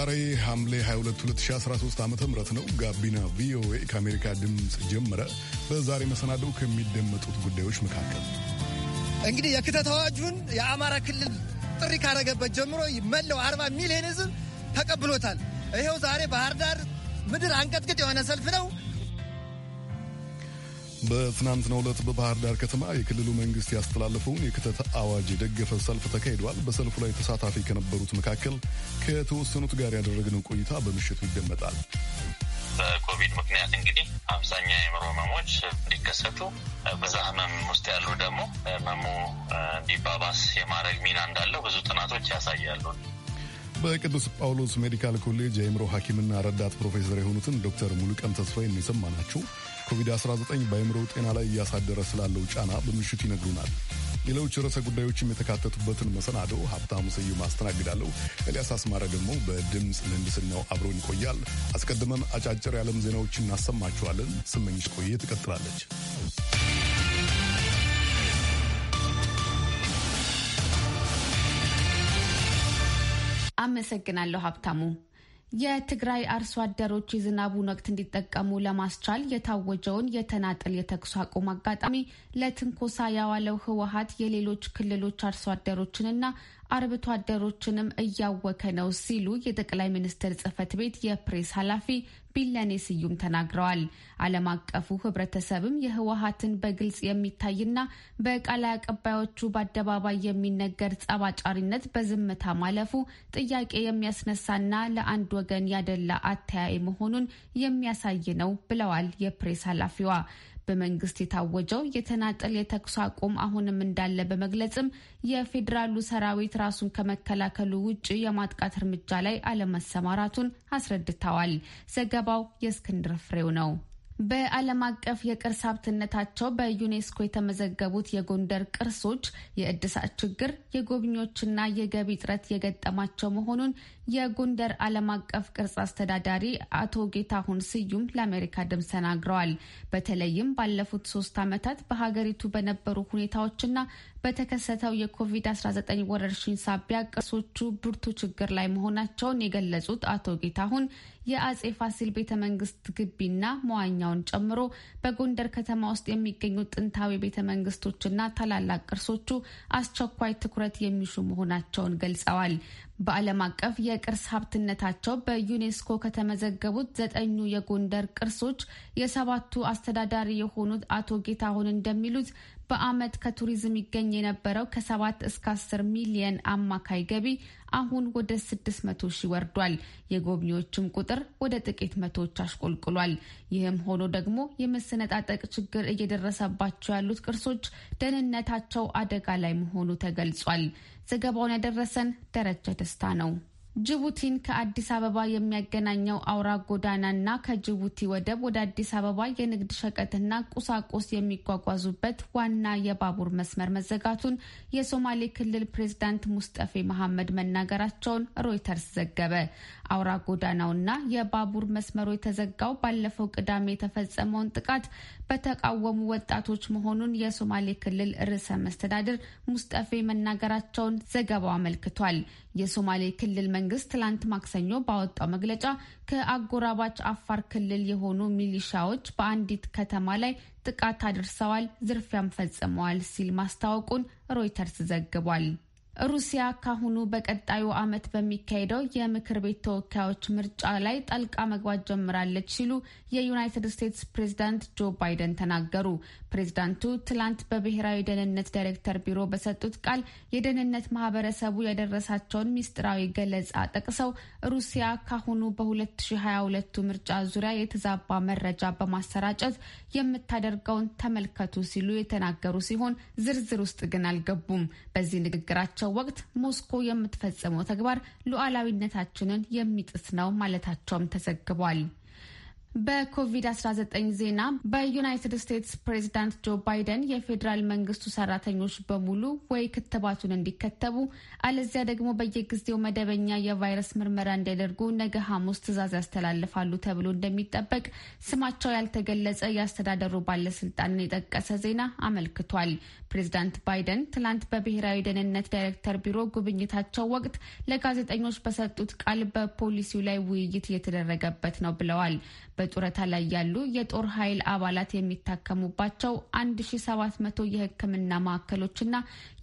ዛሬ ሐምሌ 22 2013 ዓ ም ነው። ጋቢና ቪኦኤ ከአሜሪካ ድምፅ ጀመረ። በዛሬ መሰናደው ከሚደመጡት ጉዳዮች መካከል እንግዲህ የክተት አዋጁን የአማራ ክልል ጥሪ ካረገበት ጀምሮ መለው 40 ሚሊዮን ህዝብ ተቀብሎታል። ይኸው ዛሬ ባህር ዳር ምድር አንቀጥቅጥ የሆነ ሰልፍ ነው። በትናንትናው ዕለት በባህር ዳር ከተማ የክልሉ መንግስት ያስተላለፈውን የክተት አዋጅ የደገፈ ሰልፍ ተካሂዷል። በሰልፉ ላይ ተሳታፊ ከነበሩት መካከል ከተወሰኑት ጋር ያደረግነው ቆይታ በምሽቱ ይደመጣል። በኮቪድ ምክንያት እንግዲህ አብዛኛ የአእምሮ ህመሞች እንዲከሰቱ በዛ ህመም ውስጥ ያሉ ደግሞ ህመሙ እንዲባባስ የማድረግ ሚና እንዳለው ብዙ ጥናቶች ያሳያሉ። በቅዱስ ጳውሎስ ሜዲካል ኮሌጅ የአእምሮ ሐኪምና ረዳት ፕሮፌሰር የሆኑትን ዶክተር ሙሉቀን የሚሰማ ናቸው። ኮቪድ-19 በአእምሮ ጤና ላይ እያሳደረ ስላለው ጫና በምሽቱ ይነግሩናል። ሌሎች ርዕሰ ጉዳዮችም የተካተቱበትን መሰናዶ ሀብታሙ ስዩም አስተናግዳለሁ። ኤልያስ አስማረ ደግሞ በድምፅ ምህንድስናው አብሮን ይቆያል። አስቀድመን አጫጭር የዓለም ዜናዎችን እናሰማችኋለን። ስመኝሽ ቆየ ትቀጥላለች። አመሰግናለሁ ሀብታሙ። የትግራይ አርሶ አደሮች የዝናቡን ወቅት እንዲጠቀሙ ለማስቻል የታወጀውን የተናጠል የተኩስ አቁም አጋጣሚ ለትንኮሳ ያዋለው ህወሀት የሌሎች ክልሎች አርሶ አደሮችንና አርብቶ አደሮችንም እያወከ ነው ሲሉ የጠቅላይ ሚኒስትር ጽህፈት ቤት የፕሬስ ኃላፊ ቢለኔ ስዩም ተናግረዋል። ዓለም አቀፉ ህብረተሰብም የህወሀትን በግልጽ የሚታይና በቃል አቀባዮቹ በአደባባይ የሚነገር ጸባጫሪነት በዝምታ ማለፉ ጥያቄ የሚያስነሳና ለአንድ ወገን ያደላ አተያይ መሆኑን የሚያሳይ ነው ብለዋል የፕሬስ ኃላፊዋ። በመንግስት የታወጀው የተናጠል የተኩስ አቁም አሁንም እንዳለ በመግለጽም የፌዴራሉ ሰራዊት ራሱን ከመከላከሉ ውጭ የማጥቃት እርምጃ ላይ አለመሰማራቱን አስረድተዋል። ዘገባው የእስክንድር ፍሬው ነው። በዓለም አቀፍ የቅርስ ሀብትነታቸው በዩኔስኮ የተመዘገቡት የጎንደር ቅርሶች የእድሳት ችግር የጎብኚዎችና የገቢ እጥረት የገጠማቸው መሆኑን የጎንደር ዓለም አቀፍ ቅርጽ አስተዳዳሪ አቶ ጌታሁን ስዩም ለአሜሪካ ድምፅ ተናግረዋል። በተለይም ባለፉት ሶስት ዓመታት በሀገሪቱ በነበሩ ሁኔታዎችና በተከሰተው የኮቪድ-19 ወረርሽኝ ሳቢያ ቅርሶቹ ብርቱ ችግር ላይ መሆናቸውን የገለጹት አቶ ጌታሁን የአጼ ፋሲል ቤተ መንግስት ግቢና መዋኛውን ጨምሮ በጎንደር ከተማ ውስጥ የሚገኙ ጥንታዊ ቤተ መንግስቶችና ታላላቅ ቅርሶቹ አስቸኳይ ትኩረት የሚሹ መሆናቸውን ገልጸዋል። በዓለም አቀፍ የቅርስ ሀብትነታቸው በዩኔስኮ ከተመዘገቡት ዘጠኙ የጎንደር ቅርሶች የሰባቱ አስተዳዳሪ የሆኑት አቶ ጌታሁን እንደሚሉት በአመት ከቱሪዝም ይገኝ የነበረው ከሰባት እስከ አስር ሚሊየን አማካይ ገቢ አሁን ወደ መቶ ሺህ ወርዷል። የጎብኚዎችም ቁጥር ወደ ጥቂት መቶዎች አሽቆልቁሏል። ይህም ሆኖ ደግሞ የመሰነጣጠቅ ችግር እየደረሰባቸው ያሉት ቅርሶች ደህንነታቸው አደጋ ላይ መሆኑ ተገልጿል። ዘገባውን ያደረሰን ደረጃ ደስታ ነው። ጅቡቲን ከአዲስ አበባ የሚያገናኘው አውራ ጎዳናና ከጅቡቲ ወደብ ወደ አዲስ አበባ የንግድ ሸቀጥና ቁሳቁስ የሚጓጓዙበት ዋና የባቡር መስመር መዘጋቱን የሶማሌ ክልል ፕሬዝዳንት ሙስጠፌ መሐመድ መናገራቸውን ሮይተርስ ዘገበ። አውራ ጎዳናውና የባቡር መስመሩ የተዘጋው ባለፈው ቅዳሜ የተፈጸመውን ጥቃት በተቃወሙ ወጣቶች መሆኑን የሶማሌ ክልል ርዕሰ መስተዳድር ሙስጠፌ መናገራቸውን ዘገባው አመልክቷል። የሶማሌ ክልል መንግስት ትላንት ማክሰኞ ባወጣው መግለጫ ከአጎራባች አፋር ክልል የሆኑ ሚሊሻዎች በአንዲት ከተማ ላይ ጥቃት አድርሰዋል፣ ዝርፊያም ፈጽመዋል ሲል ማስታወቁን ሮይተርስ ዘግቧል። ሩሲያ ካሁኑ በቀጣዩ ዓመት በሚካሄደው የምክር ቤት ተወካዮች ምርጫ ላይ ጠልቃ መግባት ጀምራለች ሲሉ የዩናይትድ ስቴትስ ፕሬዚዳንት ጆ ባይደን ተናገሩ። ፕሬዚዳንቱ ትላንት በብሔራዊ ደህንነት ዳይሬክተር ቢሮ በሰጡት ቃል የደህንነት ማህበረሰቡ ያደረሳቸውን ምስጢራዊ ገለጻ ጠቅሰው ሩሲያ ካሁኑ በ2022 ምርጫ ዙሪያ የተዛባ መረጃ በማሰራጨት የምታደርገውን ተመልከቱ ሲሉ የተናገሩ ሲሆን ዝርዝር ውስጥ ግን አልገቡም። በዚህ ንግግራቸው ወቅት ሞስኮ የምትፈጽመው ተግባር ሉዓላዊነታችንን የሚጥስ ነው ማለታቸውም ተዘግቧል። በኮቪድ-19 ዜና በዩናይትድ ስቴትስ ፕሬዚዳንት ጆ ባይደን የፌዴራል መንግስቱ ሰራተኞች በሙሉ ወይ ክትባቱን እንዲከተቡ አለዚያ ደግሞ በየጊዜው መደበኛ የቫይረስ ምርመራ እንዲያደርጉ ነገ ሐሙስ ትዕዛዝ ያስተላልፋሉ ተብሎ እንደሚጠበቅ ስማቸው ያልተገለጸ የአስተዳደሩ ባለስልጣንን የጠቀሰ ዜና አመልክቷል። ፕሬዚዳንት ባይደን ትላንት በብሔራዊ ደህንነት ዳይሬክተር ቢሮ ጉብኝታቸው ወቅት ለጋዜጠኞች በሰጡት ቃል በፖሊሲው ላይ ውይይት እየተደረገበት ነው ብለዋል። በጡረታ ላይ ያሉ የጦር ኃይል አባላት የሚታከሙባቸው 1700 የሕክምና ማዕከሎችና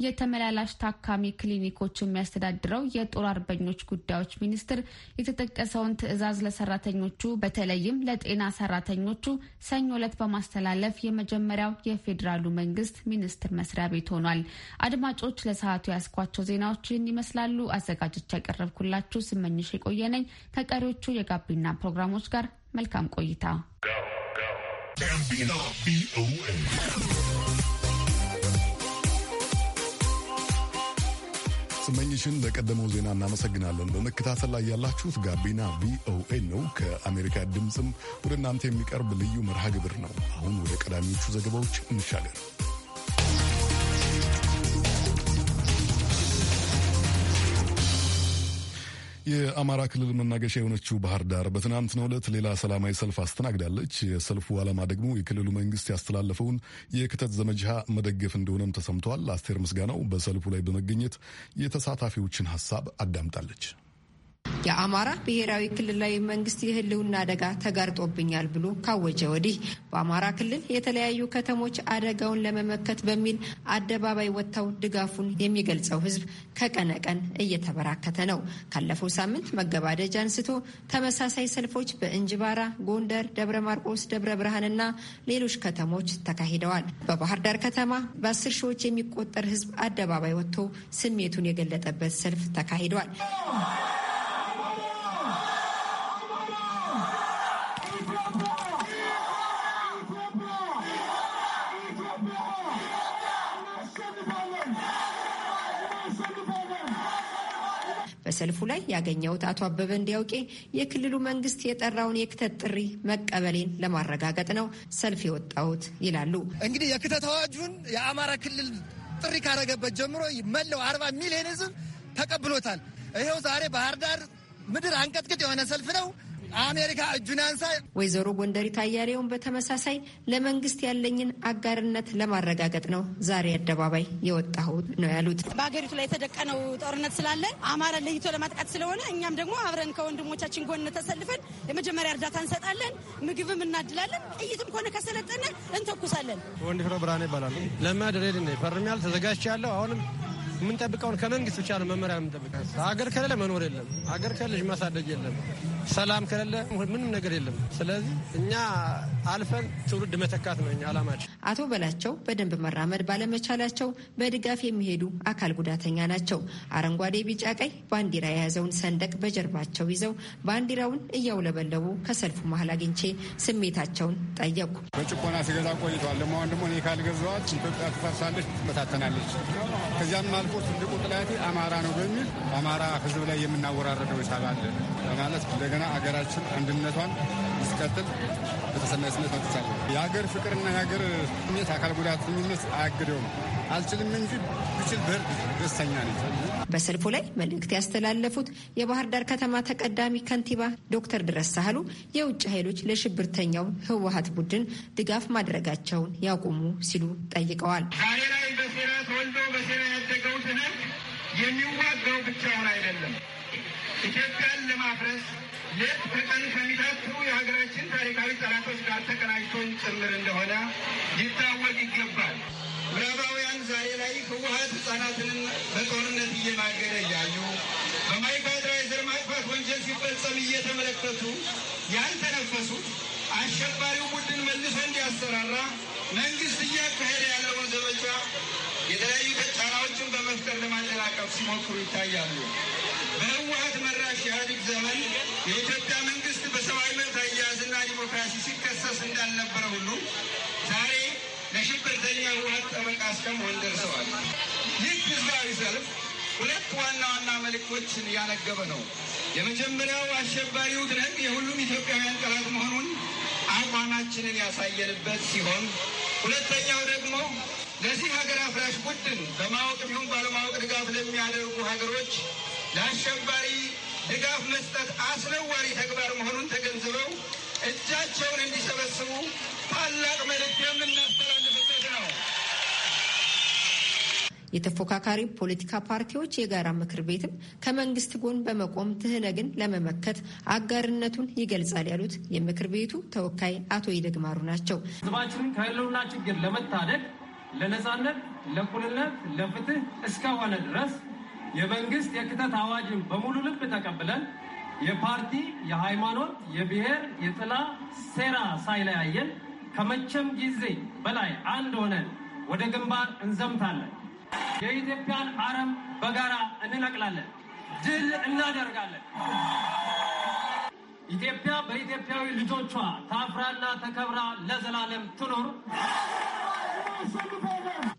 የተመላላሽ ታካሚ ክሊኒኮች የሚያስተዳድረው የጦር አርበኞች ጉዳዮች ሚኒስቴር የተጠቀሰውን ትዕዛዝ ለሰራተኞቹ በተለይም ለጤና ሰራተኞቹ ሰኞ ዕለት በማስተላለፍ የመጀመሪያው የፌዴራሉ መንግስት ሚኒስቴር መስሪያ ቤት ሆኗል። አድማጮች ለሰዓቱ ያስኳቸው ዜናዎች ይህን ይመስላሉ። አዘጋጆች ያቀረብኩላችሁ ስመኝሽ የቆየነኝ ከቀሪዎቹ የጋቢና ፕሮግራሞች ጋር መልካም ቆይታ። ስመኝሽን ለቀደመው ዜና እናመሰግናለን። በመከታተል ላይ ያላችሁት ጋቢና ቪኦኤ ነው። ከአሜሪካ ድምፅም ወደ እናንተ የሚቀርብ ልዩ መርሃ ግብር ነው። አሁን ወደ ቀዳሚዎቹ ዘገባዎች እንሻገር። የአማራ ክልል መናገሻ የሆነችው ባህር ዳር በትናንትናው ዕለት ሌላ ሰላማዊ ሰልፍ አስተናግዳለች። የሰልፉ ዓላማ ደግሞ የክልሉ መንግስት ያስተላለፈውን የክተት ዘመቻ መደገፍ እንደሆነም ተሰምተዋል። አስቴር ምስጋናው በሰልፉ ላይ በመገኘት የተሳታፊዎችን ሀሳብ አዳምጣለች። የአማራ ብሔራዊ ክልላዊ መንግስት የህልውና አደጋ ተጋርጦብኛል ብሎ ካወጀ ወዲህ በአማራ ክልል የተለያዩ ከተሞች አደጋውን ለመመከት በሚል አደባባይ ወጥተው ድጋፉን የሚገልጸው ህዝብ ከቀነ ቀን እየተበራከተ ነው። ካለፈው ሳምንት መገባደጃ አንስቶ ተመሳሳይ ሰልፎች በእንጅባራ፣ ጎንደር፣ ደብረ ማርቆስ፣ ደብረ ብርሃንና ሌሎች ከተሞች ተካሂደዋል። በባህር ዳር ከተማ በአስር ሺዎች የሚቆጠር ህዝብ አደባባይ ወጥቶ ስሜቱን የገለጠበት ሰልፍ ተካሂደዋል። በሰልፉ ላይ ያገኘሁት አቶ አበበ እንዲያውቄ የክልሉ መንግስት የጠራውን የክተት ጥሪ መቀበሌን ለማረጋገጥ ነው ሰልፍ የወጣሁት ይላሉ። እንግዲህ የክተት አዋጁን የአማራ ክልል ጥሪ ካረገበት ጀምሮ መለው አርባ ሚሊዮን ህዝብ ተቀብሎታል። ይኸው ዛሬ ባህር ዳር ምድር አንቀጥቅጥ የሆነ ሰልፍ ነው። አሜሪካ እጁን አንሳ። ወይዘሮ ጎንደሪት አያሌውን በተመሳሳይ ለመንግስት ያለኝን አጋርነት ለማረጋገጥ ነው ዛሬ አደባባይ የወጣሁት ነው ያሉት። በሀገሪቱ ላይ የተደቀነው ጦርነት ስላለ አማራ ለይቶ ለማጥቃት ስለሆነ እኛም ደግሞ አብረን ከወንድሞቻችን ጎን ተሰልፈን የመጀመሪያ እርዳታ እንሰጣለን፣ ምግብም እናድላለን፣ ጥይትም ከሆነ ከሰለጠነ እንተኩሳለን። ወንድ ፍረ ብርሃን ይባላሉ። ለማ ድሬድ ፈርሚያል ተዘጋጅቻለሁ አሁንም የምንጠብቀውን ከመንግስት ብቻ ነው መመሪያ የምንጠብቀው። አገር ከሌለ መኖር የለም። አገር ከሌለ ማሳደግ የለም። ሰላም ከሌለ ምንም ነገር የለም። ስለዚህ እኛ አልፈን ትውልድ መተካት ነው እኛ አላማችን። አቶ በላቸው በደንብ መራመድ ባለመቻላቸው በድጋፍ የሚሄዱ አካል ጉዳተኛ ናቸው። አረንጓዴ፣ ቢጫ፣ ቀይ ባንዲራ የያዘውን ሰንደቅ በጀርባቸው ይዘው ባንዲራውን እያውለበለቡ ከሰልፉ መሀል አግኝቼ ስሜታቸውን ጠየቁ። በጭቆና ሲገዛ ቆይተዋል። ደግሞ አሁን ደግሞ እኔ ካልገዛኋት ኢትዮጵያ ትፈርሳለች፣ ትበታተናለች። ከዚያም አልፎ ትልቁ ጥላት አማራ ነው በሚል አማራ ህዝብ ላይ የምናወራረደው አለ በማለት እንደገና አገራችን አንድነቷን እንዲቀጥል በተሰማይ ስነት መጥቻለ የሀገር ፍቅርና የሀገር ስሜት አካል ጉዳተኝነት አያግደውም። አልችልም እንጂ ብችል ብርድ ደስተኛ ነ በሰልፉ ላይ መልእክት ያስተላለፉት የባህር ዳር ከተማ ተቀዳሚ ከንቲባ ዶክተር ድረስ ሳህሉ የውጭ ኃይሎች ለሽብርተኛው ህወሀት ቡድን ድጋፍ ማድረጋቸውን ያቁሙ ሲሉ ጠይቀዋል። ዛሬ ላይ በሴራ ተወልዶ በሴራ ብለን የሚዋጋው ብቻውን አይደለም። ኢትዮጵያን ለማፍረስ ሌት ከቀን ከሚታትሩ የሀገራችን ታሪካዊ ጠላቶች ጋር ተቀናጅቶን ጭምር እንደሆነ ሊታወቅ ይገባል። ምዕራባውያን ዛሬ ላይ ህወሀት ህጻናትን በጦርነት እየማገደ እያዩ በማይካድራ የዘር ማጥፋት ወንጀል ሲፈጸም እየተመለከቱ ያልተነፈሱት አሸባሪው ቡድን መልሶ እንዲያሰራራ መንግስት እያካሄደ ያለውን ዘመቻ የተለያዩ ጫናዎችን በመፍጠር ለማጠናቀፍ ሲሞክሩ ይታያሉ። በህወሀት መራሽ ኢህአዴግ ዘመን የኢትዮጵያ መንግስት በሰብአዊ መብት አያያዝና ዲሞክራሲ ሲከሰስ እንዳልነበረ ሁሉ ዛሬ ለሽብርተኛ ህወሀት ጠበቃ እስከመሆን ደርሰዋል። ይህ ህዝባዊ ሰልፍ ሁለት ዋና ዋና መልእክቶችን እያነገበ ነው። የመጀመሪያው አሸባሪው ትነግ የሁሉም ኢትዮጵያውያን ጠላት መሆኑን አቋማችንን ያሳየንበት ሲሆን ሁለተኛው ደግሞ ለዚህ ሀገር አፍራሽ ቡድን በማወቅ ይሁን ባለማወቅ ድጋፍ ለሚያደርጉ ሀገሮች ለአሸባሪ ድጋፍ መስጠት አስነዋሪ ተግባር መሆኑን ተገንዝበው እጃቸውን እንዲሰበስቡ ታላቅ መልእክት የምናስተላልፍበት ነው። የተፎካካሪ ፖለቲካ ፓርቲዎች የጋራ ምክር ቤትም ከመንግስት ጎን በመቆም ትህነግን ለመመከት አጋርነቱን ይገልጻል ያሉት የምክር ቤቱ ተወካይ አቶ ይደግማሩ ናቸው። ህዝባችንን ከህልውና ችግር ለመታደግ ለነፃነት፣ ለእኩልነት፣ ለፍትህ እስከሆነ ድረስ የመንግስት የክተት አዋጅን በሙሉ ልብ ተቀብለን የፓርቲ፣ የሃይማኖት፣ የብሔር፣ የጥላ ሴራ ሳይለያየን ከመቼም ጊዜ በላይ አንድ ሆነን ወደ ግንባር እንዘምታለን። የኢትዮጵያን አረም በጋራ እንነቅላለን። ድል እናደርጋለን። ኢትዮጵያ በኢትዮጵያዊ ልጆቿ ታፍራና ተከብራ ለዘላለም ትኖር።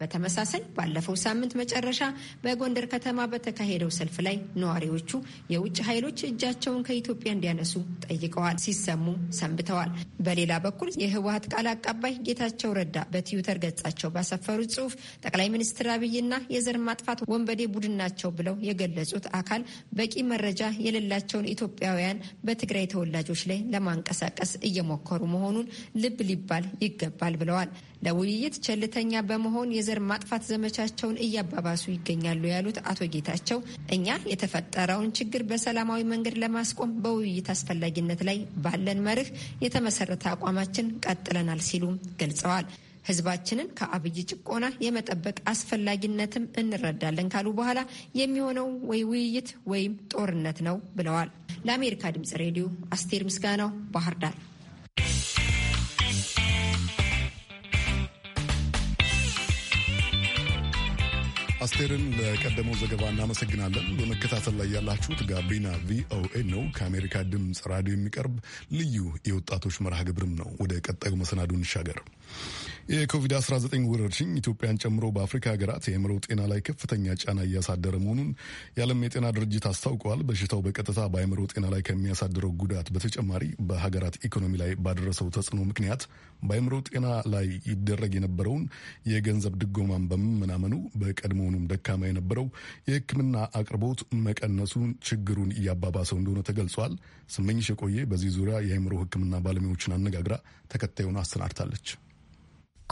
በተመሳሳይ ባለፈው ሳምንት መጨረሻ በጎንደር ከተማ በተካሄደው ሰልፍ ላይ ነዋሪዎቹ የውጭ ኃይሎች እጃቸውን ከኢትዮጵያ እንዲያነሱ ጠይቀዋል ሲሰሙ ሰንብተዋል። በሌላ በኩል የህወሀት ቃል አቀባይ ጌታቸው ረዳ በትዊተር ገጻቸው ባሰፈሩት ጽሁፍ ጠቅላይ ሚኒስትር አብይና የዘር ማጥፋት ወንበዴ ቡድን ናቸው ብለው የገለጹት አካል በቂ መረጃ የሌላቸውን ኢትዮጵያውያን በትግራይ ተወላጆች ላይ ለማንቀሳቀስ እየሞከሩ መሆኑን ልብ ሊባል ይገባል ብለዋል። ለውይይት ቸልተኛ በመሆን የዘር ማጥፋት ዘመቻቸውን እያባባሱ ይገኛሉ ያሉት አቶ ጌታቸው እኛ የተፈጠረውን ችግር በሰላማዊ መንገድ ለማስቆም በውይይት አስፈላጊነት ላይ ባለን መርህ የተመሰረተ አቋማችን ቀጥለናል ሲሉም ገልጸዋል። ህዝባችንን ከአብይ ጭቆና የመጠበቅ አስፈላጊነትም እንረዳለን ካሉ በኋላ የሚሆነው ወይ ውይይት ወይም ጦርነት ነው ብለዋል። ለአሜሪካ ድምጽ ሬዲዮ አስቴር ምስጋናው ባህር ዳር አስቴርን ለቀደመው ዘገባ እናመሰግናለን። በመከታተል ላይ ያላችሁት ጋቢና ቪኦኤ ነው፣ ከአሜሪካ ድምፅ ራዲዮ የሚቀርብ ልዩ የወጣቶች መርሃ ግብርም ነው። ወደ ቀጣዩ መሰናዱ እንሻገር። የኮቪድ-19 ወረርሽኝ ኢትዮጵያን ጨምሮ በአፍሪካ ሀገራት የአእምሮ ጤና ላይ ከፍተኛ ጫና እያሳደረ መሆኑን የዓለም የጤና ድርጅት አስታውቀዋል። በሽታው በቀጥታ በአእምሮ ጤና ላይ ከሚያሳድረው ጉዳት በተጨማሪ በሀገራት ኢኮኖሚ ላይ ባደረሰው ተጽዕኖ ምክንያት በአእምሮ ጤና ላይ ይደረግ የነበረውን የገንዘብ ድጎማን በመመናመኑ በቀድሞውንም ደካማ የነበረው የሕክምና አቅርቦት መቀነሱን ችግሩን እያባባሰው እንደሆነ ተገልጿል። ስመኝሽ የቆየ በዚህ ዙሪያ የአእምሮ ሕክምና ባለሙያዎችን አነጋግራ ተከታዩን አሰናድታለች።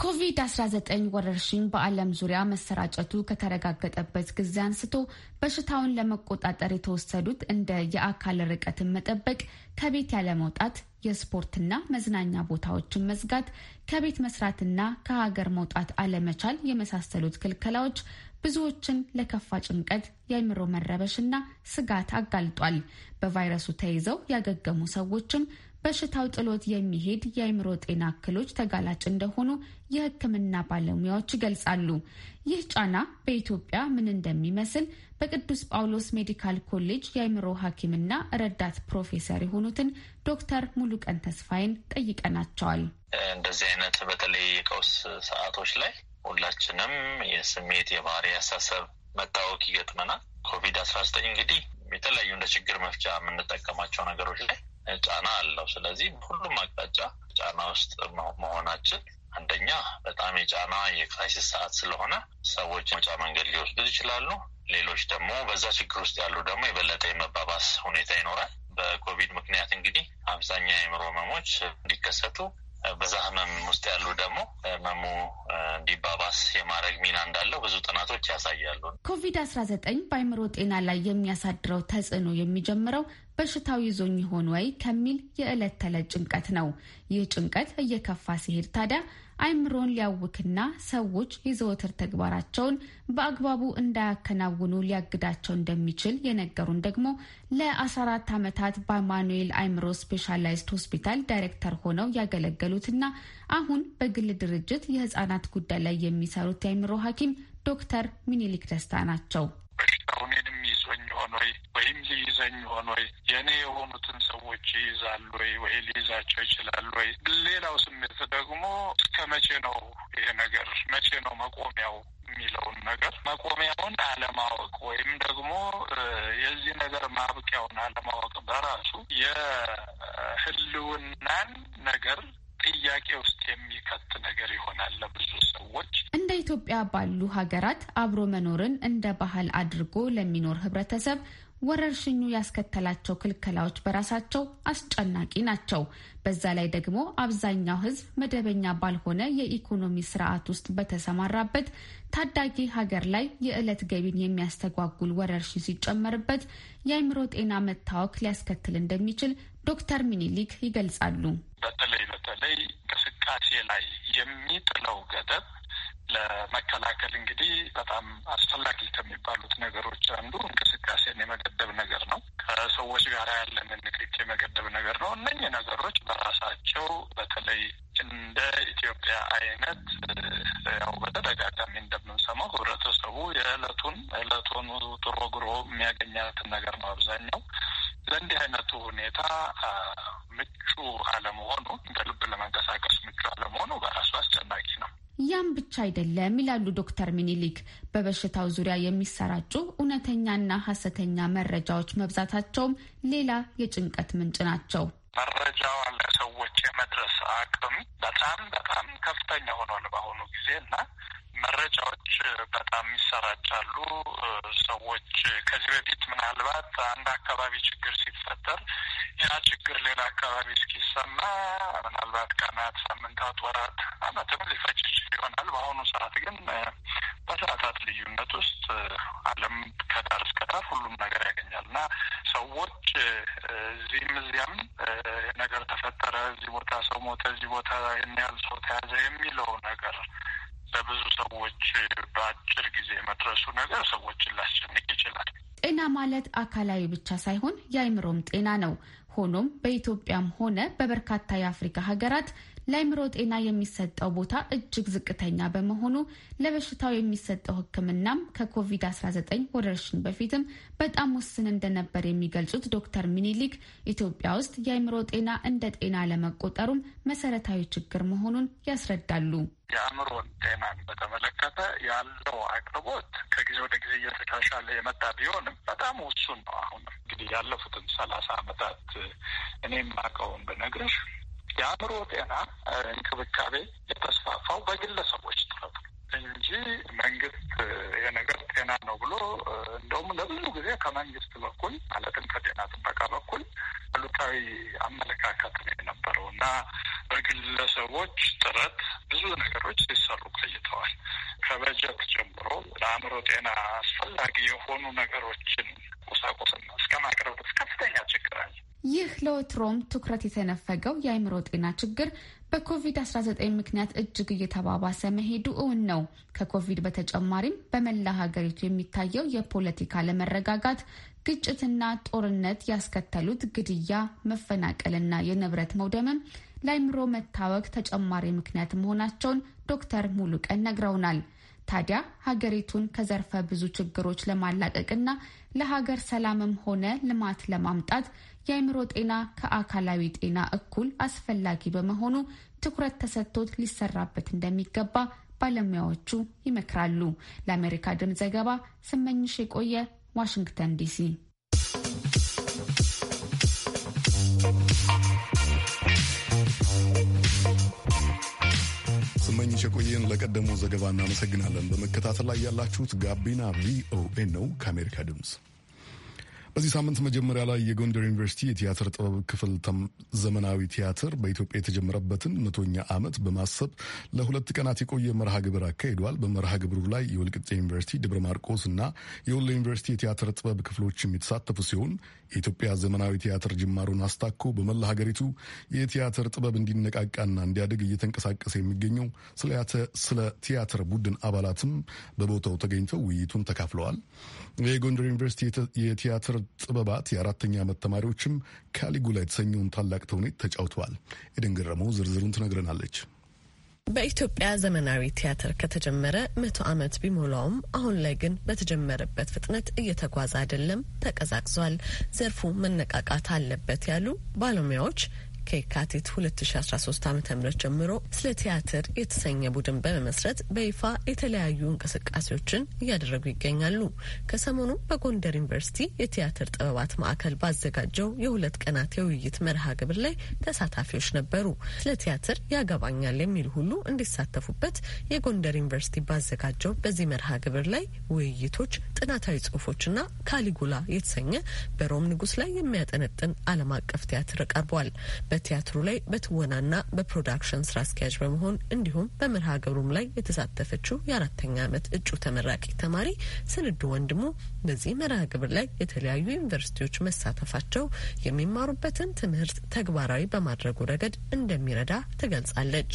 ኮቪድ-19 ወረርሽኝ በዓለም ዙሪያ መሰራጨቱ ከተረጋገጠበት ጊዜ አንስቶ በሽታውን ለመቆጣጠር የተወሰዱት እንደ የአካል ርቀትን መጠበቅ፣ ከቤት ያለመውጣት፣ የስፖርትና መዝናኛ ቦታዎችን መዝጋት፣ ከቤት መስራትና ከሀገር መውጣት አለመቻል የመሳሰሉት ክልከላዎች ብዙዎችን ለከፋ ጭንቀት፣ የአእምሮ መረበሽና ስጋት አጋልጧል። በቫይረሱ ተይዘው ያገገሙ ሰዎችም በሽታው ጥሎት የሚሄድ የአእምሮ ጤና እክሎች ተጋላጭ እንደሆኑ የሕክምና ባለሙያዎች ይገልጻሉ። ይህ ጫና በኢትዮጵያ ምን እንደሚመስል በቅዱስ ጳውሎስ ሜዲካል ኮሌጅ የአእምሮ ሐኪምና ረዳት ፕሮፌሰር የሆኑትን ዶክተር ሙሉቀን ተስፋዬን ጠይቀናቸዋል። እንደዚህ አይነት በተለይ የቀውስ ሰዓቶች ላይ ሁላችንም የስሜት የባህሪ ያሳሰብ መታወቅ ይገጥመናል። ኮቪድ አስራ ዘጠኝ እንግዲህ የተለያዩ እንደ ችግር መፍቻ የምንጠቀማቸው ነገሮች ላይ ጫና አለው። ስለዚህ በሁሉም አቅጣጫ ጫና ውስጥ መሆናችን አንደኛ በጣም የጫና የክራይሲስ ሰዓት ስለሆነ ሰዎች መውጫ መንገድ ሊወስዱ ይችላሉ። ሌሎች ደግሞ በዛ ችግር ውስጥ ያሉ ደግሞ የበለጠ የመባባስ ሁኔታ ይኖራል። በኮቪድ ምክንያት እንግዲህ አብዛኛ የአእምሮ ህመሞች እንዲከሰቱ በዛ ህመም ውስጥ ያሉ ደግሞ ህመሙ እንዲባባስ የማድረግ ሚና እንዳለው ብዙ ጥናቶች ያሳያሉ። ኮቪድ አስራ ዘጠኝ በአእምሮ ጤና ላይ የሚያሳድረው ተጽዕኖ የሚጀምረው በሽታው ይዞኝ ይሆን ወይ ከሚል የዕለት ተዕለት ጭንቀት ነው። ይህ ጭንቀት እየከፋ ሲሄድ ታዲያ አይምሮን ሊያውክና ሰዎች የዘወትር ተግባራቸውን በአግባቡ እንዳያከናውኑ ሊያግዳቸው እንደሚችል የነገሩን ደግሞ ለ14 ዓመታት በአማኑኤል አይምሮ ስፔሻላይዝድ ሆስፒታል ዳይሬክተር ሆነው ያገለገሉትና አሁን በግል ድርጅት የህፃናት ጉዳይ ላይ የሚሰሩት የአይምሮ ሐኪም ዶክተር ሚኒሊክ ደስታ ናቸው። ሆኖይ ወይም ሊይዘኝ ሆኖይ የእኔ የሆኑትን ሰዎች ይይዛሉ ወይ ወይ ሊይዛቸው ይችላል ወይ። ሌላው ስሜት ደግሞ እስከ መቼ ነው ይሄ ነገር መቼ ነው መቆሚያው የሚለውን ነገር መቆሚያውን አለማወቅ ወይም ደግሞ የዚህ ነገር ማብቂያውን አለማወቅ በራሱ የህልውናን ነገር ጥያቄ ውስጥ የሚከት ነገር ይሆናል ለብዙ ሰዎች። እንደ ኢትዮጵያ ባሉ ሀገራት አብሮ መኖርን እንደ ባህል አድርጎ ለሚኖር ህብረተሰብ ወረርሽኙ ያስከተላቸው ክልከላዎች በራሳቸው አስጨናቂ ናቸው። በዛ ላይ ደግሞ አብዛኛው ህዝብ መደበኛ ባልሆነ የኢኮኖሚ ስርዓት ውስጥ በተሰማራበት ታዳጊ ሀገር ላይ የዕለት ገቢን የሚያስተጓጉል ወረርሽኝ ሲጨመርበት የአእምሮ ጤና መታወክ ሊያስከትል እንደሚችል ዶክተር ሚኒሊክ ይገልጻሉ። በተለይ በተለይ እንቅስቃሴ ላይ የሚጥለው ገደብ ለመከላከል እንግዲህ በጣም አስፈላጊ ከሚባሉት ነገሮች አንዱ እንቅስቃሴን የመገደብ ነገር ነው። ከሰዎች ጋር ያለን ንክኪ የመገደብ ነገር ነው። እነኚህ ነገሮች በራሳቸው በተለይ እንደ ኢትዮጵያ አይነት ያው በተደጋጋሚ እንደምንሰማው ህብረተሰቡ የዕለቱን ዕለቱን ጥሮ ግሮ የሚያገኛትን ነገር ነው አብዛኛው ለእንዲህ አይነቱ ሁኔታ ምቹ አለመሆኑ እንደ ልብ ለመንቀሳቀስ ምቹ አለመሆኑ በራሱ አስጨናቂ ነው። ያም ብቻ አይደለም ይላሉ ዶክተር ሚኒሊክ። በበሽታው ዙሪያ የሚሰራጩ እውነተኛና ሀሰተኛ መረጃዎች መብዛታቸውም ሌላ የጭንቀት ምንጭ ናቸው። መረጃው ለሰዎች የመድረስ አቅም በጣም በጣም ከፍተኛ ሆኗል በአሁኑ ጊዜ እና መረጃዎች በጣም ይሰራጫሉ። ሰዎች ከዚህ በፊት ምናልባት አንድ አካባቢ ችግር ሲፈጠር ያ ችግር ሌላ አካባቢ እስኪሰማ ምናልባት ቀናት፣ ሳምንታት፣ ወራት፣ ዓመትም ሊፈጅ ይሆናል። በአሁኑ ሰዓት ግን በሰዓታት ልዩነት ውስጥ ዓለም ከዳር እስከ ዳር ሁሉም ነገር ያገኛል እና ሰዎች እዚህም እዚያም ነገር ተፈጠረ፣ እዚህ ቦታ ሰው ሞተ፣ እዚህ ቦታ ይህን ያህል ሰው ተያዘ የሚለው ነገር ለብዙ ሰዎች በአጭር ጊዜ መድረሱ ነገር ሰዎችን ላስጨንቅ ይችላል። ጤና ማለት አካላዊ ብቻ ሳይሆን የአይምሮም ጤና ነው። ሆኖም በኢትዮጵያም ሆነ በበርካታ የአፍሪካ ሀገራት ለአእምሮ ጤና የሚሰጠው ቦታ እጅግ ዝቅተኛ በመሆኑ ለበሽታው የሚሰጠው ሕክምናም ከኮቪድ-19 ወረርሽኝ በፊትም በጣም ውስን እንደነበር የሚገልጹት ዶክተር ሚኒሊክ ኢትዮጵያ ውስጥ የአእምሮ ጤና እንደ ጤና ለመቆጠሩም መሰረታዊ ችግር መሆኑን ያስረዳሉ። የአእምሮን ጤናን በተመለከተ ያለው አቅርቦት ከጊዜ ወደ ጊዜ እየተሻሻለ የመጣ ቢሆንም በጣም ውሱን ነው። አሁንም እንግዲህ ያለፉትን ሰላሳ አመታት እኔም አውቀውን ብነግርሽ የአእምሮ ጤና እንክብካቤ የተስፋፋው በግለሰቦች ጥረት እንጂ መንግስት የነገር ጤና ነው ብሎ እንደውም ለብዙ ጊዜ ከመንግስት በኩል ማለትም ከጤና ጥበቃ በኩል አሉታዊ አመለካከት ነው የነበረው እና በግለሰቦች ጥረት ብዙ ነገሮች ሲሰሩ ቆይተዋል። ከበጀት ጀምሮ ለአእምሮ ጤና አስፈላጊ የሆኑ ነገሮችን ቁሳቁስና እስከ ማቅረብ ከፍተኛ ችግር አለ። ይህ ለወትሮም ትኩረት የተነፈገው የአእምሮ ጤና ችግር በኮቪድ-19 ምክንያት እጅግ እየተባባሰ መሄዱ እውን ነው። ከኮቪድ በተጨማሪም በመላ ሀገሪቱ የሚታየው የፖለቲካ ለመረጋጋት ግጭትና ጦርነት ያስከተሉት ግድያ፣ መፈናቀልና የንብረት መውደምም ለአእምሮ መታወክ ተጨማሪ ምክንያት መሆናቸውን ዶክተር ሙሉቀን ነግረውናል። ታዲያ ሀገሪቱን ከዘርፈ ብዙ ችግሮች ለማላቀቅና ለሀገር ሰላምም ሆነ ልማት ለማምጣት የአእምሮ ጤና ከአካላዊ ጤና እኩል አስፈላጊ በመሆኑ ትኩረት ተሰጥቶት ሊሰራበት እንደሚገባ ባለሙያዎቹ ይመክራሉ። ለአሜሪካ ድምፅ ዘገባ ስመኝሽ የቆየ ዋሽንግተን ዲሲ። ስመኝሽ የቆየን ለቀደመው ዘገባ እናመሰግናለን። በመከታተል ላይ ያላችሁት ጋቢና ቪኦኤ ነው ከአሜሪካ ድምፅ በዚህ ሳምንት መጀመሪያ ላይ የጎንደር ዩኒቨርሲቲ የቲያትር ጥበብ ክፍል ዘመናዊ ቲያትር በኢትዮጵያ የተጀመረበትን መቶኛ ዓመት በማሰብ ለሁለት ቀናት የቆየ መርሃ ግብር አካሂዷል። በመርሃ ግብሩ ላይ የወልቅጤ ዩኒቨርሲቲ፣ ደብረ ማርቆስ እና የወሎ ዩኒቨርሲቲ የቲያትር ጥበብ ክፍሎችም የተሳተፉ ሲሆን የኢትዮጵያ ዘመናዊ ቲያትር ጅማሩን አስታኮ በመላ ሀገሪቱ የቲያትር ጥበብ እንዲነቃቃና እንዲያድግ እየተንቀሳቀሰ የሚገኘው ስለ ቲያትር ቡድን አባላትም በቦታው ተገኝተው ውይይቱን ተካፍለዋል። የጎንደር ዩኒቨርሲቲ የቲያትር ጥበባት የአራተኛ ዓመት ተማሪዎችም ካሊጉላ የተሰኘውን ታላቅ ተውኔት ተጫውተዋል። ኤደን ገረመው ዝርዝሩን ትነግረናለች። በኢትዮጵያ ዘመናዊ ቲያትር ከተጀመረ መቶ ዓመት ቢሞላውም አሁን ላይ ግን በተጀመረበት ፍጥነት እየተጓዘ አይደለም፣ ተቀዛቅዟል፣ ዘርፉ መነቃቃት አለበት ያሉ ባለሙያዎች ከየካቲት 2013 ዓ ም ጀምሮ ስለ ቲያትር የተሰኘ ቡድን በመመስረት በይፋ የተለያዩ እንቅስቃሴዎችን እያደረጉ ይገኛሉ። ከሰሞኑ በጎንደር ዩኒቨርሲቲ የቲያትር ጥበባት ማዕከል ባዘጋጀው የሁለት ቀናት የውይይት መርሃ ግብር ላይ ተሳታፊዎች ነበሩ። ስለ ቲያትር ያገባኛል የሚል ሁሉ እንዲሳተፉበት የጎንደር ዩኒቨርሲቲ ባዘጋጀው በዚህ መርሃ ግብር ላይ ውይይቶች፣ ጥናታዊ ጽሁፎችና ካሊጉላ የተሰኘ በሮም ንጉስ ላይ የሚያጠነጥን ዓለም አቀፍ ቲያትር ቀርቧል። በቲያትሩ ላይ በትወናና በፕሮዳክሽን ስራ አስኪያጅ በመሆን እንዲሁም በመርሃ ግብሩም ላይ የተሳተፈችው የአራተኛ ዓመት እጩ ተመራቂ ተማሪ ስንዱ ወንድሙ በዚህ መርሃ ግብር ላይ የተለያዩ ዩኒቨርሲቲዎች መሳተፋቸው የሚማሩበትን ትምህርት ተግባራዊ በማድረጉ ረገድ እንደሚረዳ ትገልጻለች።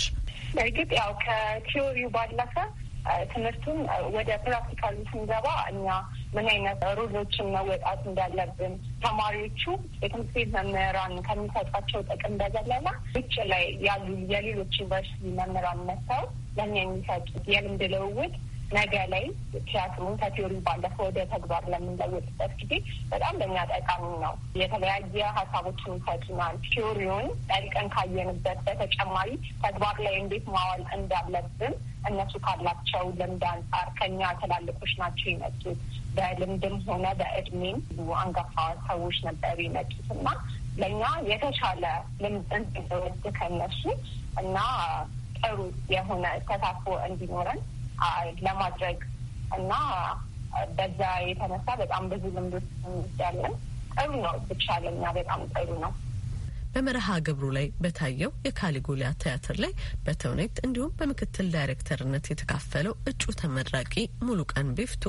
በእርግጥ ያው ከቲዮሪው ባለፈ ትምህርቱን ወደ ፕራክቲካሉ ስንገባ እኛ ምን አይነት ሮሎችን መወጣት እንዳለብን ተማሪዎቹ የትምህርት ቤት መምህራን ከሚሰጣቸው ጥቅም በዘለላ ውጭ ላይ ያሉ የሌሎች ዩኒቨርሲቲ መምህራን መጥተው ለእኛ የሚሰጡት የልምድ ልውውጥ ነገ ላይ ቲያትሩን ከቲዮሪ ባለፈ ወደ ተግባር ለምንለወጥበት ጊዜ በጣም ለእኛ ጠቃሚ ነው። የተለያየ ሀሳቦችን ይሰጡናል። ቲዮሪውን ጠልቀን ካየንበት በተጨማሪ ተግባር ላይ እንዴት ማዋል እንዳለብን እነሱ ካላቸው ልምድ አንጻር ከኛ ትላልቆች ናቸው ይመጡት በልምድም ሆነ በእድሜም አንጋፋ ሰዎች ነበር ይመጡት እና ለእኛ የተሻለ ልምድ እንድንወስድ ከነሱ እና ጥሩ የሆነ ተሳትፎ እንዲኖረን ለማድረግ እና በዛ የተነሳ በጣም ብዙ ልምዶች ያለን ጥሩ ነው። ብቻለኛ በጣም ጥሩ ነው። በመርሃ ግብሩ ላይ በታየው የካሊጎሊያ ቲያትር ላይ በተውኔት እንዲሁም በምክትል ዳይሬክተርነት የተካፈለው እጩ ተመራቂ ሙሉ ቀን ቢፍቱ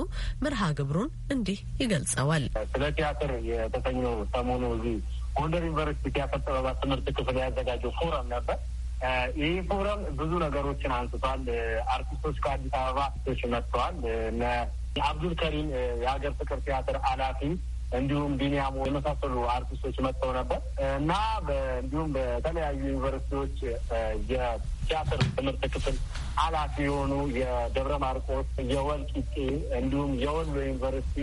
መርሃ ግብሩን እንዲህ ይገልጸዋል። ስለ ቲያትር የተሰኘው ሰሞኑ እዚህ ጎንደር ዩኒቨርሲቲ ቲያትር ጥበባት ትምህርት ክፍል ያዘጋጀው ፎረም ነበር። ይህ ፎረም ብዙ ነገሮችን አንስቷል። አርቲስቶች ከአዲስ አበባ አርቲስቶች መጥተዋል። አብዱል ከሪም የሀገር ፍቅር ቲያትር ኃላፊ እንዲሁም ቢኒያሞ የመሳሰሉ አርቲስቶች መጥተው ነበር እና እንዲሁም በተለያዩ ዩኒቨርሲቲዎች የቲያትር ትምህርት ክፍል ኃላፊ የሆኑ የደብረ ማርቆስ፣ የወልቂጤ እንዲሁም የወሎ ዩኒቨርሲቲ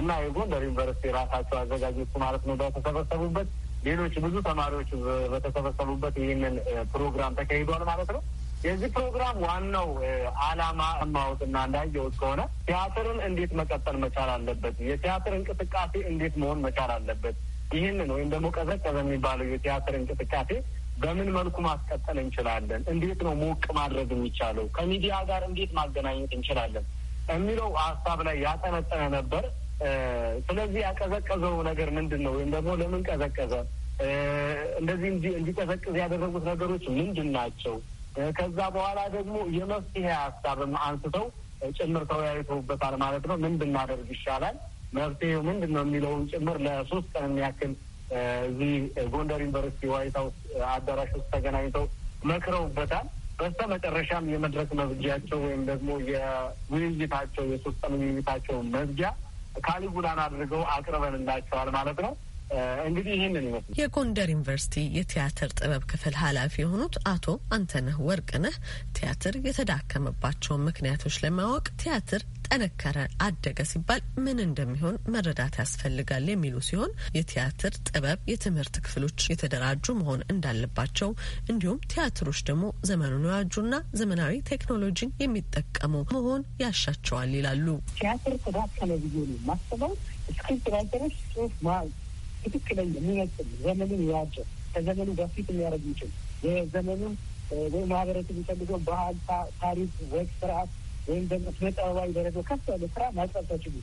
እና የጎንደር ዩኒቨርሲቲ ራሳቸው አዘጋጆቹ ማለት ነው በተሰበሰቡበት ሌሎች ብዙ ተማሪዎች በተሰበሰቡበት ይህንን ፕሮግራም ተካሂዷል ማለት ነው። የዚህ ፕሮግራም ዋናው ዓላማ ማወጥና እንዳየሁት ከሆነ ቲያትርን እንዴት መቀጠል መቻል አለበት፣ የቲያትር እንቅስቃሴ እንዴት መሆን መቻል አለበት፣ ይህንን ወይም ደግሞ ቀዘቀዘ የሚባለው የቲያትር እንቅስቃሴ በምን መልኩ ማስቀጠል እንችላለን፣ እንዴት ነው ሞቅ ማድረግ የሚቻለው፣ ከሚዲያ ጋር እንዴት ማገናኘት እንችላለን የሚለው ሀሳብ ላይ ያጠነጠነ ነበር። ስለዚህ ያቀዘቀዘው ነገር ምንድን ነው? ወይም ደግሞ ለምን ቀዘቀዘ? እንደዚህ እንዲቀዘቅዝ ያደረጉት ነገሮች ምንድን ናቸው? ከዛ በኋላ ደግሞ የመፍትሄ ሀሳብም አንስተው ጭምር ተወያይተውበታል ማለት ነው። ምን ብናደርግ ይሻላል፣ መፍትሄው ምንድን ነው የሚለውን ጭምር ለሶስት ቀን የሚያክል እዚህ ጎንደር ዩኒቨርሲቲ ዋይት ሀውስ አዳራሽ ውስጥ ተገናኝተው መክረውበታል። በስተ መጨረሻም የመድረክ መዝጊያቸው ወይም ደግሞ የውይይታቸው የሶስት ቀን ውይይታቸው መዝጊያ ካሊጉላን አድርገው አቅርበንላቸዋል ማለት ነው። እንግዲህ ይህንን ይመስል የጎንደር ዩኒቨርሲቲ የቲያትር ጥበብ ክፍል ኃላፊ የሆኑት አቶ አንተነህ ወርቅነህ ቲያትር የተዳከመባቸውን ምክንያቶች ለማወቅ ቲያትር ጠነከረ፣ አደገ ሲባል ምን እንደሚሆን መረዳት ያስፈልጋል የሚሉ ሲሆን የቲያትር ጥበብ የትምህርት ክፍሎች የተደራጁ መሆን እንዳለባቸው እንዲሁም ቲያትሮች ደግሞ ዘመኑን የዋጁና ዘመናዊ ቴክኖሎጂን የሚጠቀሙ መሆን ያሻቸዋል ይላሉ። ቲያትር ተዳከመ ብዬ ነው ስክሪፕት ራይተሮች ጽሁፍ ትክክለኛ የሚመጥን ዘመኑን የዋጀ ከዘመኑ በፊት የሚያደርግ ይችል የዘመኑን ወይም ማህበረሰብ የሚፈልገው ባህል፣ ታሪክ፣ ወግ፣ ስርዓት ወይም ደግሞ ስነ ጥበባዊ ደረጃ ከፍ ያለ ስራ ማቅረብ ችሉ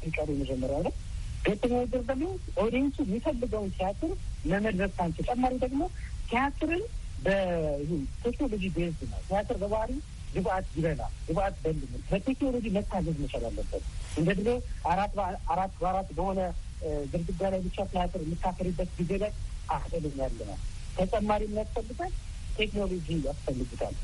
ሲቀሩ የመጀመሪያ ነው። ሁለተኛ ነገር ደግሞ ኦዲንሱ የሚፈልገውን ቲያትር ለመድረስ ታን ተጨማሪ ደግሞ ቲያትርን በቴክኖሎጂ ቤዝ ነው። ቲያትር በባህሪ ግብአት ይበላ ግብአት በልም በቴክኖሎጂ መታገዝ መቻል አለበት። እንደ ድሮ አራት በአራት በሆነ ግድግዳ ላይ ብቻ ቲያትር የምታፈሪበት ጊዜ ላይ አክደልኝ ያለ ነው። ተጨማሪ ያስፈልጋል፣ ቴክኖሎጂ ያስፈልግታል።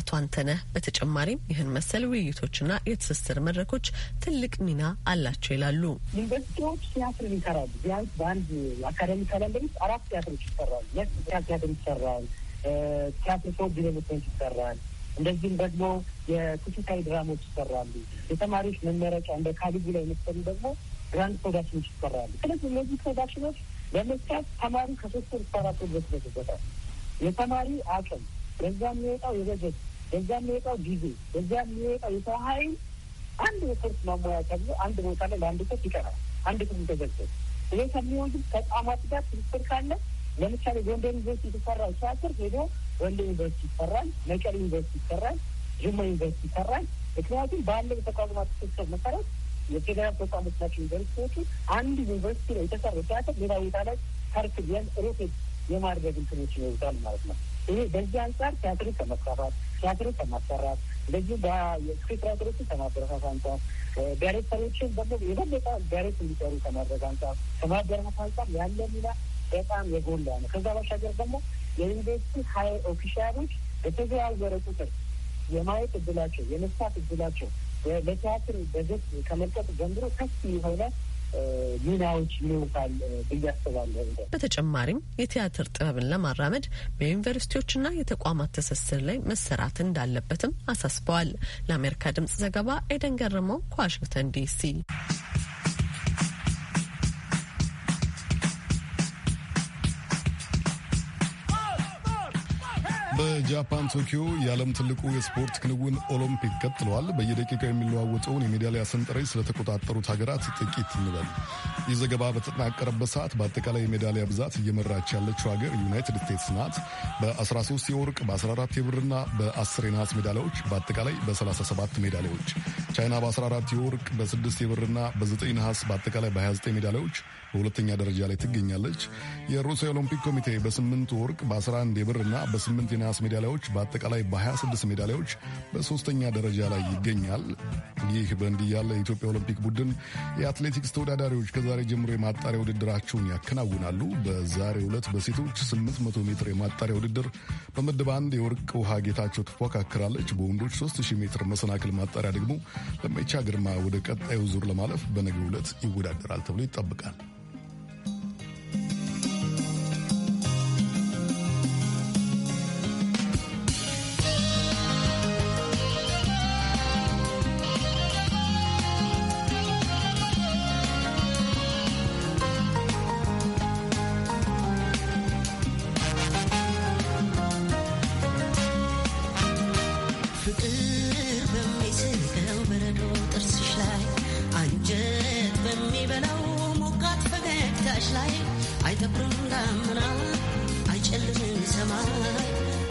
አቶ አንተነህ በተጨማሪም ይህን መሰል ውይይቶችና የትስስር መድረኮች ትልቅ ሚና አላቸው ይላሉ። ዩኒቨርሲቲዎች ቲያትር ይሰራሉ። ቢያንስ በአንድ አካዳሚ ካላንደሪ አራት ቲያትሮች ይሰራሉ። ለት ቲያትር ይሰራል፣ ቲያትር ሰው ዲቨሎፕመንት ይሰራል። እንደዚህም ደግሞ የክሱታዊ ድራሞች ይሰራሉ። የተማሪዎች መመረቂያ እንደ ካሊጉላ የመሰሉ ደግሞ ግራንድ ፕሮዳክሽኖች ይሰራሉ። ስለዚህ እነዚህ ፕሮዳክሽኖች ለመስራት ተማሪ ከሶስት ወር እስከ አራት የተማሪ አቅም፣ በዛ የሚወጣው የበጀት፣ በዛ የሚወጣው ጊዜ፣ በዛ የሚወጣው የሰው ኃይል አንድ ኮርስ ማሟያ ተብሎ አንድ ቦታ ላይ ለአንድ ኮርስ ይቀራል። አንድ ክፍል ተዘግቶ ይህ ከሚሆን ግን ተቋማት ጋር ትስስር ካለ ለምሳሌ ጎንደር ዩኒቨርሲቲ የተሰራ ቻትር ሄዶ ወንደ ዩኒቨርሲቲ ይሰራል፣ መቀሌ ዩኒቨርሲቲ ይሰራል፣ ጅማ ዩኒቨርሲቲ ይሰራል። ምክንያቱም ባለው የተቋማት ትስስር መሰረት የፌዴራል ተቋሞች ናቸው ዩኒቨርሲቲዎቹ። አንድ ዩኒቨርሲቲ ላይ የተሰሩ ቲያትር ሌላ ቦታ ላይ ሰርክ ቢያን ሮቴት የማድረግ እንትኖች ይወጣል ማለት ነው። ይሄ በዚህ አንጻር ቲያትርን ከመስፋፋት ቲያትርን ከማሰራት እንደዚሁ ስክሪፕት ራይተሮችን ከማበረታት አንጻር ዳይሬክተሮችን ደግሞ የበለጠ ዳይሬክት እንዲጠሩ ከማድረግ አንጻር ከማበረታት አንጻር ያለ ሚና በጣም የጎላ ነው። ከዛ ባሻገር ደግሞ የዩኒቨርሲቲ ሀይ ኦፊሻሎች በተዘዋወረ ቁጥር የማየት እድላቸው የመስፋት እድላቸው በቲያትር በጀት ከመልቀቅ ጀምሮ ከፍ የሆነ ሚናዎች ይኖሩታል ብዬ አስባለሁ። በተጨማሪም የቲያትር ጥበብን ለማራመድ በዩኒቨርሲቲዎችና የተቋማት ትስስር ላይ መሰራት እንዳለበትም አሳስበዋል። ለአሜሪካ ድምጽ ዘገባ ኤደን ገረመው ከዋሽንግተን ዲሲ በጃፓን ቶኪዮ የዓለም ትልቁ የስፖርት ክንውን ኦሎምፒክ ቀጥለዋል። በየደቂቃው የሚለዋወጠውን የሜዳሊያ ሰንጠረዥ ስለተቆጣጠሩት ሀገራት ጥቂት እንበል። ይህ ዘገባ በተጠናቀረበት ሰዓት በአጠቃላይ የሜዳሊያ ብዛት እየመራች ያለችው ሀገር ዩናይትድ ስቴትስ ናት። በ13 የወርቅ በ14 የብርና በ10 የነሐስ ሜዳሊያዎች በአጠቃላይ በ37 ሜዳሊያዎች፣ ቻይና በ14 የወርቅ በ6 የብርና በ9 ነሐስ በአጠቃላይ በ29 ሜዳሊያዎች በሁለተኛ ደረጃ ላይ ትገኛለች። የሩሲያ ኦሎምፒክ ኮሚቴ በ8 ወርቅ በ11 የብርና በ8 የነሐስ ሜዳ ሜዳሊያዎች በአጠቃላይ በ26 ሜዳሊያዎች በሶስተኛ ደረጃ ላይ ይገኛል። ይህ በእንዲህ ያለ የኢትዮጵያ ኦሎምፒክ ቡድን የአትሌቲክስ ተወዳዳሪዎች ከዛሬ ጀምሮ የማጣሪያ ውድድራቸውን ያከናውናሉ። በዛሬው ዕለት በሴቶች 800 ሜትር የማጣሪያ ውድድር በምድብ አንድ የወርቅ ውሃ ጌታቸው ትፎካከራለች። በወንዶች 3000 ሜትር መሰናክል ማጣሪያ ደግሞ ለመቻ ግርማ ወደ ቀጣዩ ዙር ለማለፍ በነገው ዕለት ይወዳደራል ተብሎ ይጠበቃል። ላይ አይጠቁርም ደመና አይጨልምም ሰማይ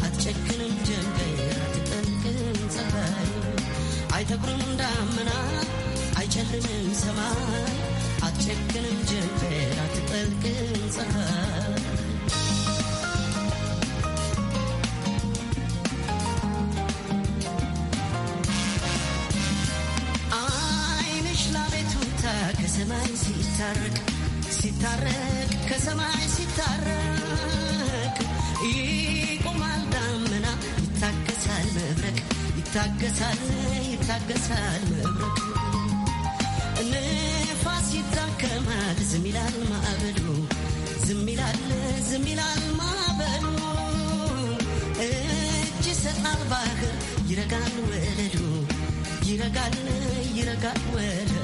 አትጨክንም ጀንበር አትጠልቅም ፀሐይ አይጠቁርም ደመና አይጨልምም ሰማይ አትጨክንም ጀንበር አትጠልቅም ፀሐይ I'm ሲታረቅ ከሰማይ ሲታረቅ ይቆማል ዳመና ይታገሳል መብረቅ ይታገሳል ይታገሳል መብረቅ ንፋስ ይታከማል ዝም ይላል ማዕበሉ ዝም ይላል ዝም ይላል ማዕበሉ እጅ ይሰጣል ባህር ይረጋል ወለሉ ይረጋል ይረጋል ወለሉ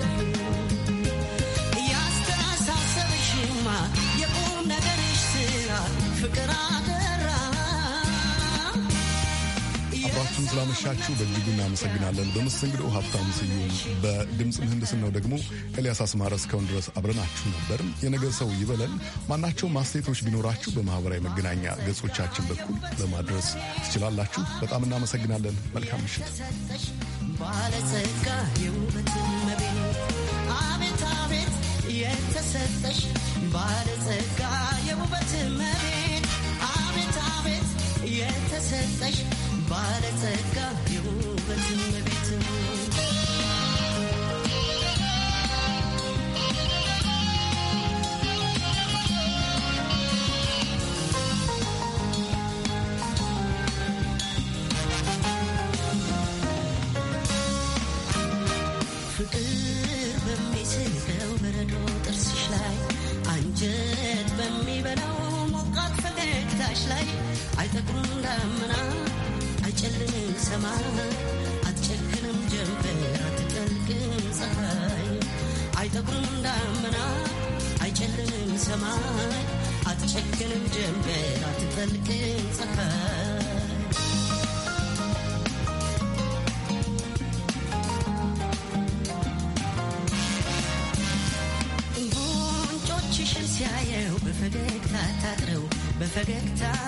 አብራችሁን ስላመሻችሁ በእጅጉ እናመሰግናለን። በመስተንግዶው ሀብታሙ ስዩም፣ በድምፅ ምህንድስናው ደግሞ ኤልያስ አስማረ። እስካሁን ድረስ አብረናችሁ ነበር። የነገ ሰው ይበለን። ማናቸው አስተያየቶች ቢኖራችሁ በማህበራዊ መገናኛ ገጾቻችን በኩል ለማድረስ ትችላላችሁ። በጣም እናመሰግናለን። መልካም ምሽት። ባለጸጋ የውበት እመቤት አቤት አቤት የተሰጠሽ ባለጸጋ የውበት እመቤት የተሰጠሽ ባለጸጋ የውበት እመቤት የሚፈልቅን ፀሐይ ጉንጮችሽን በፈገግታ ታጥረው በፈገግታ